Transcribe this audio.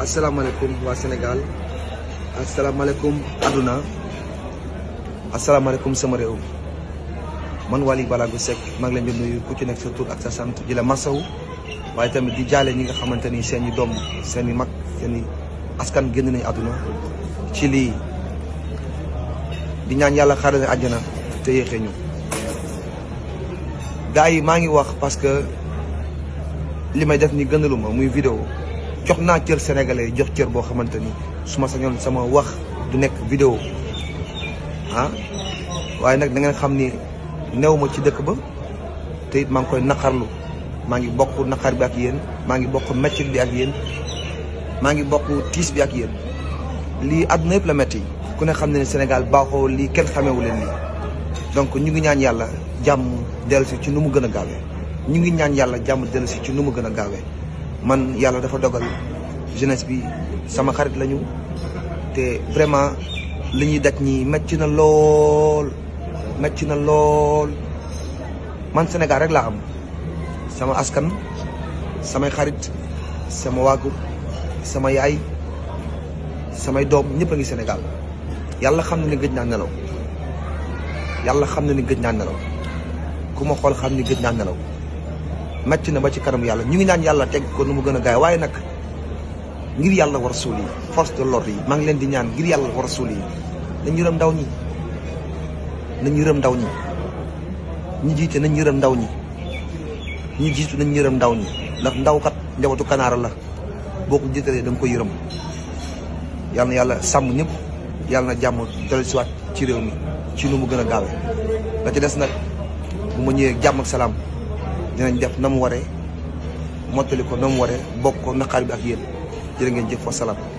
asalaamaaleykum waa Sénégal asalaamaaleykum àdduna asalaamaaleykum sama réew um. man Waly Balago Seck maa ngi leen di ku ci nekk sa tur ak sa sant di la masaw waaye tamit di jaale ñi nga xamante ni seeni doom seeni mag seen i askan génn nañu àdduna ci lii di ñaan yàlla xaaral àjjana te yéexee ñu gars yi maa ngi wax parce que li may def ni gënaluma muy vidéo jox naa cër sénégalais jox cër boo xamante ni su ma sañoon sama wax du nekk vidéo ah, waaye nag da xam ni néew ma ci dëkk ba te it maa ngi koy naqarlu maa ngi bokk naqar bi ak yéen maa ngi bokk métit bi ak yéen maa ngi bokk tiis bi ak yéen lii àdduna yëpp la métti ku ne xam ne Sénégal baaxoo lii kenn xamewu leen lii donc ñu ngi ñaan yàlla jàmm dellusi ci nu mu gën a gaawee ñu ngi ñaan yàlla jàmm dellusi ci nu mu gën a gaawee man yàlla dafa dogal jeunesse bi sama xarit lañu te vraiment li ñuy daj ñi metti na lool metti na lool man Sénégal rek laa am sama askan samay xarit sama wàggu sama yaay samay doom ñëpp a ngi Sénégal yàlla xam na ni gëj naa nelaw yàlla xam na ni gëj naa nelaw ku ma xool xam ni gëj naa nelaw màcc na ba ci kanam yàlla ñu ngi naan yàlla teg ko nu mu gën a gaay waaye nag ngir yàlla war suul yi force de l'ordre yi maa leen di ñaan ngir yàlla war suul yi nañ yërëm ndaw ñi nañ yërëm ndaw ñi ñi jiite nañ yërëm ndaw ñi ñi jiitu nañ yërëm ndaw ñi ndax ndaw kat njabootu kanaara la boo ko jiitalee da ko yërëm yàlla na yàlla sàmm ñëpp yàlla na jàmm dellu siwaat ci réew mi ci nu mu gën a gaawee la ci des nag bu ma ñëwee jàmm salaam dinañ def na mu waree mottali ko na mu waree bokk na naqaar bi ak yéen jërë ngeen jëf wa salaam